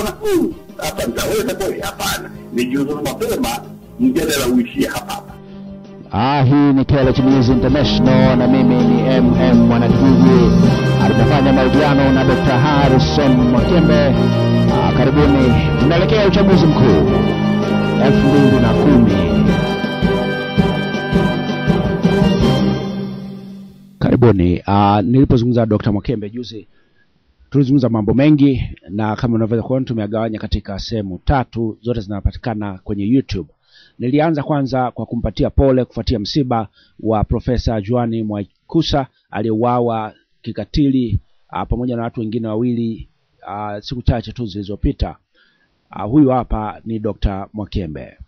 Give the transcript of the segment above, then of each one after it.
akaona hapa nitaweza kweli? Hapana, nijiuzuru mapema, mjadala uishie hapa hapa. Ah, hii ni KLH News International na mimi ni MM Mwanakijiji. Tunafanya mahojiano na Dr. Harrison Mwakyembe. Ah, karibuni. Tunaelekea uchaguzi mkuu elfu mbili na kumi. Karibuni. Ah, nilipozungumza na Dr. Mwakembe juzi Tulizungumza mambo mengi, na kama unavyoweza kuona tumeagawanya katika sehemu tatu, zote zinapatikana kwenye YouTube. Nilianza kwanza kwa kumpatia pole kufuatia msiba wa Profesa Juani Mwaikusa aliyeuawa kikatili ah, pamoja na watu wengine wawili a, ah, siku chache tu zilizopita. Ah, huyu hapa ni Dr. Mwakembe.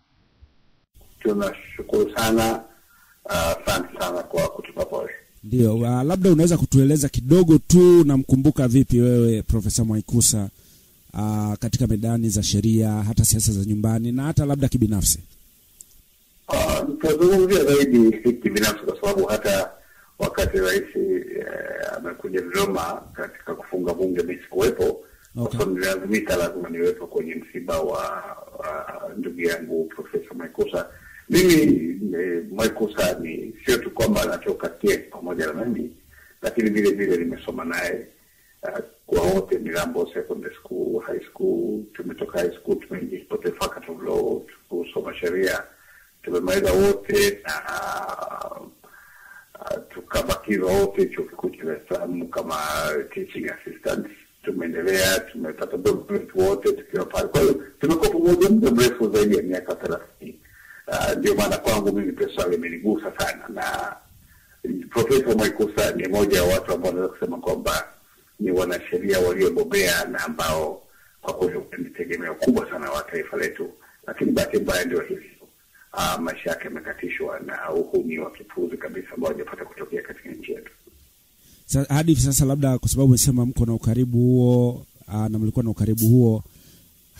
Tunashukuru sana, asante sana kwa kutupa pole. Ndio, uh, labda unaweza kutueleza kidogo tu, namkumbuka vipi wewe Profesa Mwaikusa uh, katika medani za sheria, hata siasa za nyumbani na hata labda kibinafsi? Uh, zaidi kibinafsi kwa sababu hata wakati rais eh, amekuja Dodoma katika kufunga bunge mi okay. Nilazimika lazima niwepo kwenye msiba wa, wa ndugu yangu Profesa Mwaikusa mimi eh, Michael Sir ni sio tu kwamba anatoka TEC pamoja na mimi, lakini vile vile nimesoma naye eh, kwa wote Mirambo Secondary School, high school. Tumetoka high school tumeingia pote faculty of law, kusoma sheria tumemaliza wote na uh, wote chuo kikuu cha Dar es Salaam kama teaching assistant. Tumeendelea, tumepata wote tukiwa pale. Kwa hiyo tumekuwa pamoja muda mrefu zaidi ya miaka thelathini. Ah, ndio uh, maana kwangu mimi Peswale imenigusa sana, na Profesa Mwaikusa ni moja ya watu ambao wanaweza kusema kwamba ni wanasheria waliobobea na ambao kwa kweli ni tegemeo kubwa sana wa taifa letu, lakini bahati mbaya ndio hivyo, uh, maisha yake yamekatishwa na uhuni wa kipuzi kabisa ambao wajapata kutokea katika nchi yetu hadi hivi sasa. Labda kwa sababu umesema mko na ukaribu huo ah, na mlikuwa na ukaribu huo,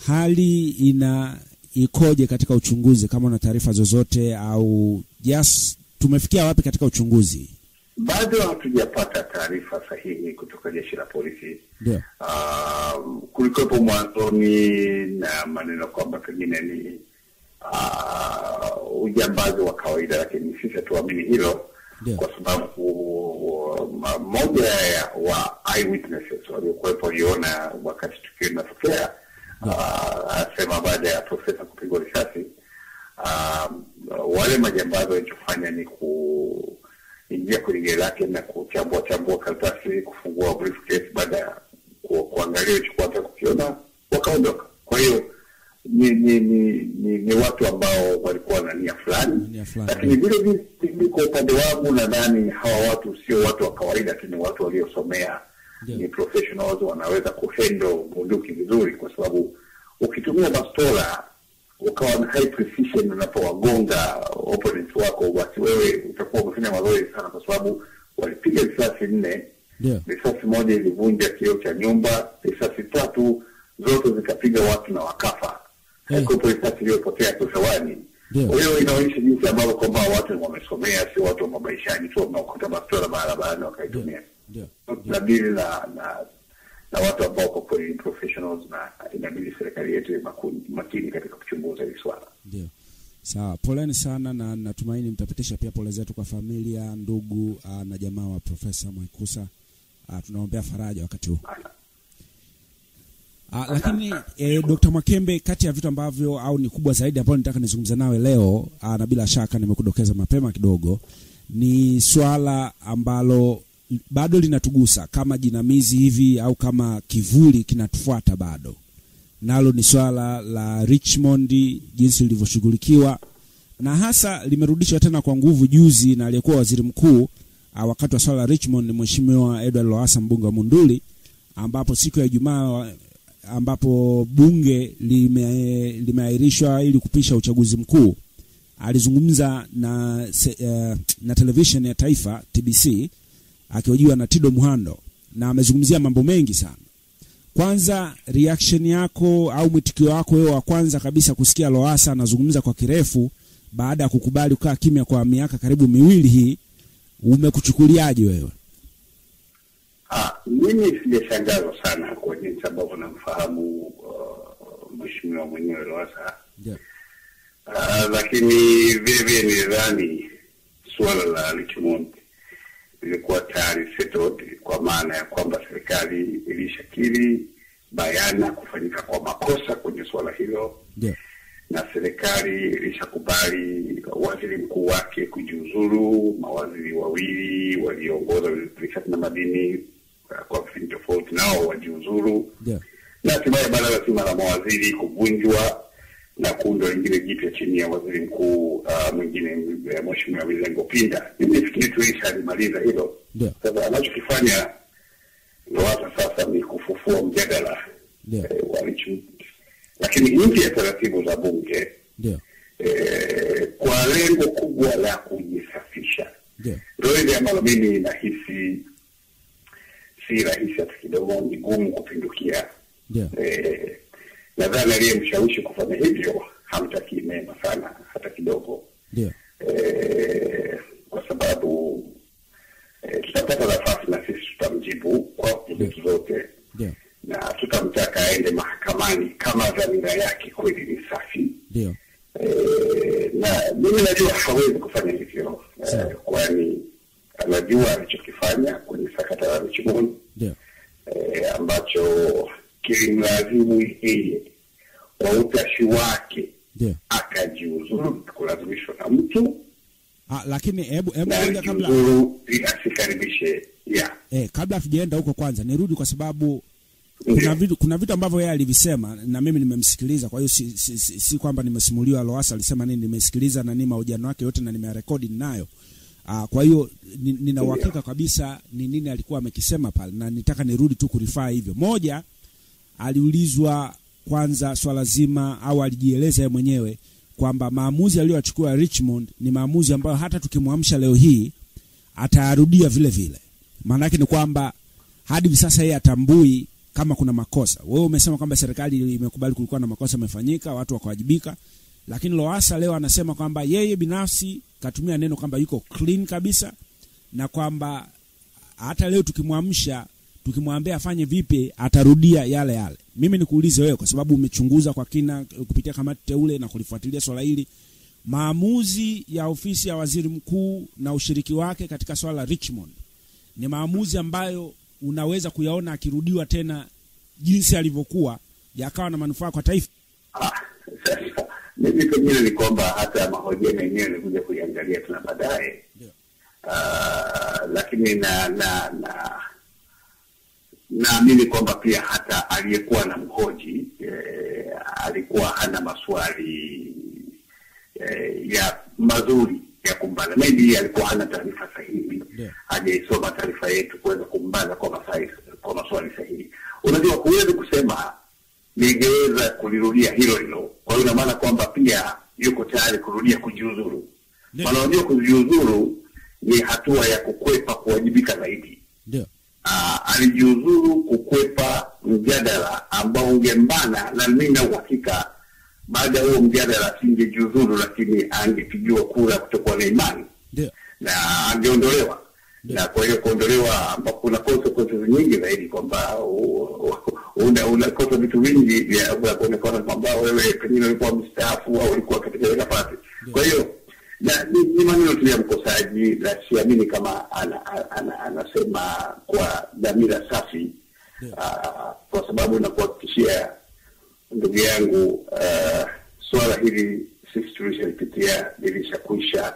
hali ina ikoje katika uchunguzi, kama una taarifa zozote au yes, tumefikia wapi katika uchunguzi? Bado hatujapata taarifa sahihi kutoka jeshi la polisi. Yeah. Uh, kulikuwepo mwanzoni na maneno kwamba pengine ni uh, ujambazi wa kawaida, lakini sisi hatuamini hilo yeah. Kwa sababu moja ya wa eyewitnesses waliokuwepo waliona wakati tukio linatokea yeah uh, baada ya profesa kupigwa risasi ah, wale majambazi walichofanya ni kuingia kwenye gari lake na kuchambua chambua karatasi, kufungua briefcase, baada ya kuangalia ilichokuwa kukiona, wakaondoka. Kwa hiyo ni ni, ni ni ni watu ambao walikuwa na nia fulani, lakini vile vile kwa upande wangu nadhani hawa watu sio watu wa kawaida tu, ni watu waliosomea yeah. ni professionals wanaweza kuhandle bunduki vizuri, kwa sababu ukitumia bastola ukawa na high precision unapowagonga opponents wako, basi wewe utakuwa umefanya mazoezi sana, kwa sababu walipiga risasi nne yeah. risasi moja ilivunja kio cha nyumba, risasi tatu zote zikapiga watu na wakafa, haikuwepo yeah. risasi iliyopotea tu hewani. Kwa hiyo inaonyesha jinsi ambavyo kwamba watu wamesomea, si watu wa mabaishani tu wanaokota bastola barabarani wakaitumia. Yeah yeah, na watu ambao kwa kweli professionals na inabidi serikali yetu makini katika kuchunguza hili swala. Ndio. Sawa, poleni sana na natumaini mtapitisha pia pole zetu kwa familia, ndugu ah, na jamaa wa Profesa Mwaikusa. Ah, tunaombea faraja wakati huu. Ah, lakini eh, Dr. Mwakembe, kati ya vitu ambavyo au ni kubwa zaidi ambalo nitaka nizungumza nawe leo aa, ah, na bila shaka nimekudokeza mapema kidogo, ni swala ambalo bado linatugusa kama jinamizi hivi au kama kivuli kinatufuata bado nalo ni swala la Richmond jinsi lilivyoshughulikiwa na hasa limerudishwa tena kwa nguvu juzi na aliyekuwa waziri mkuu ah, wakati wa swala la Richmond mheshimiwa Edward Lowassa mbunge wa Munduli ambapo siku ya Ijumaa ambapo bunge lime, ili kupisha uchaguzi mkuu alizungumza na, se, uh, na television ya taifa TBC akihojiwa na Tido Mhando na amezungumzia mambo mengi sana. Kwanza reaction yako au mwitikio wako wewe wa kwanza kabisa kusikia Lowassa anazungumza kwa kirefu baada ya kukubali kukaa kimya kwa miaka karibu miwili hii, umekuchukuliaje wewe? Ah, mimi sijashangazwa sana kwa jinsi ambavyo namfahamu uh, mheshimiwa mwenyewe Lowassa yeah. Uh, lakini vilevile vile nilidhani suala la Lichimombe ilikuwa tayari settled kwa maana ya kwamba serikali ilishakiri bayana kufanyika kwa makosa kwenye suala hilo yeah. na serikali ilishakubali waziri mkuu wake kujiuzuru, mawaziri wawili walioongoza nishati na madini uh, kwa vipindi tofauti nao wajiuzuru yeah. na hatimaye baraza zima la mawaziri kuvunjwa na kuundwa lingine jipya chini ya waziri mkuu uh, mwingine eh, mheshimiwa Mizengo Pinda. Mimi tu isha alimaliza hilo yeah. Sasa anachokifanya Lowassa sasa ni kufufua mjadala yeah. E, wa nchi, lakini nje ya taratibu za bunge yeah. E, kwa lengo kubwa la kujisafisha yeah. Ndio ile ambalo mimi nahisi si rahisi hata kidogo, ni gumu kupindukia yeah. E, nadhani aliyemshawishi kufanya hivyo hamtakii mema sana hata kidogo yeah. E, kwa sababu e, tutapata nafasi na sisi tutamjibu kwa zetu zote yeah. na tutamtaka aende mahakamani kama dhamira yake kweli ni safi yeah. e, na mimi najua hawezi kufanya hivyo e, kwani anajua alichokifanya kwenye sakata la michumuni yeah. e, ambacho kilimlazimu yeye kwa utashi wake yeah. akajiuzuru kulazimishwa na mtu Ah, lakini hebu hebu ngoja kabla asikaribishe yeah. Eh, kabla hatujaenda huko kwanza nirudi kwa sababu kuna vitu kuna vitu ambavyo yeye alivisema na mimi nimemsikiliza, kwa hiyo si, si, si, si kwamba nimesimuliwa Loasa alisema nini, nimesikiliza na nini mahojiano yake yote na nimearekodi ninayo. Aa, ah, kwa hiyo nina uhakika kabisa ni nini alikuwa amekisema pale, na nitaka nirudi tu kurifaa hivyo. Moja, aliulizwa kwanza swala zima au alijieleza yeye mwenyewe kwamba maamuzi aliyoyachukua Richmond ni maamuzi ambayo hata tukimwamsha leo hii atayarudia vile vile. Maana ni kwamba hadi hivi sasa yeye atambui kama kuna makosa. Wewe umesema kwamba serikali imekubali kulikuwa na makosa yamefanyika, watu wakawajibika, lakini loasa leo anasema kwamba yeye binafsi katumia neno kwamba yuko clean kabisa na kwamba hata leo tukimwamsha tukimwambia afanye vipi atarudia yale yale. Mimi nikuulize wewe, kwa sababu umechunguza kwa kina eh, kupitia kamati teule na kulifuatilia swala hili, maamuzi ya ofisi ya waziri mkuu na ushiriki wake katika swala la Richmond ni maamuzi ambayo unaweza kuyaona akirudiwa tena jinsi alivyokuwa yakawa na manufaa kwa taifa? mimi pengine ni kwamba hata mahojiano yenyewe nikuja kuiangalia tena baadaye, yeah. Uh, lakini na na na naamini kwamba pia hata aliyekuwa na mhoji eh, alikuwa hana maswali eh, ya mazuri ya kumbana Maybe alikuwa hana taarifa sahihi, yeah. hajaisoma taarifa yetu kuweza kumbana kwa masai, kwa maswali sahihi. Unajua, huwezi kusema ningeweza kulirudia hilo hilo. Kwa hiyo inamaana kwamba pia yuko tayari kurudia kujiuzuru, maana unajua kujiuzuru ni hatua ya kukwepa kuwajibika zaidi. yeah uh, ah, alijiuzuru kukwepa mjadala ambao ungembana, na mimi na uhakika baada ya huo mjadala asingejiuzuru, lakini angepigiwa kura kutokuwa na imani yeah. na angeondolewa yeah. na kwa hiyo kuondolewa, ambapo kuna consequences nyingi zaidi, kwamba unakosa vitu vingi vya kuonekana kwamba wewe pengine ulikuwa mstaafu au ulikuwa katika nafasi. Kwa hiyo na ni, ni maneno tu ya mkosaji, na siamini kama anasema ana, ana, kwa dhamira safi yeah. Aa, ah, kwa sababu nakuhakikishia ndugu yangu uh, swala hili sisi tulishalipitia lilishakuisha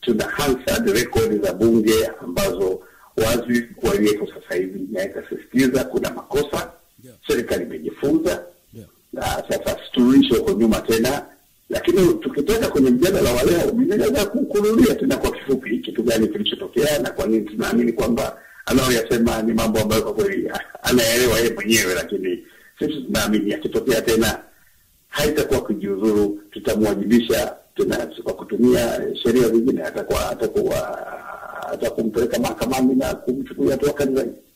Tuna Hansard rekodi za bunge ambazo wazi waliyeko sasa hivi naikasisitiza kuna makosa yeah. Serikali imejifunza yeah. Na sasa siturudishe huko nyuma tena lakini tukitoka kwenye mjadala wa leo, ninaweza kukurudia tena kwa kifupi kitu gani kilichotokea na kwa nini tunaamini kwamba anayoyasema ni mambo ambayo kwa kweli anaelewa yeye mwenyewe, lakini sisi tunaamini akitokea tena haitakuwa kujiuzuru, tutamwajibisha tena kwa kutumia sheria zingine, atakuwa atakuwa atakumpeleka mahakamani na kumchukulia hatua zaidi.